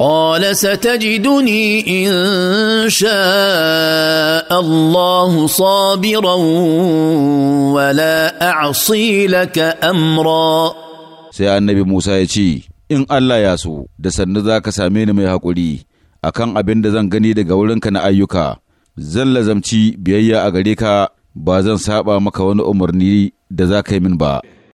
قال ستجدني ان شاء الله صابرا ولا اعصي لك امرا sai annabi Musa ya ce in Allah ya so da sannu za ka same ni mai haƙuri akan abin da zan gani daga wurinka na ayyuka zan lazamci biyayya a gare ka ba zan saba maka wani umarni da za ka yi min ba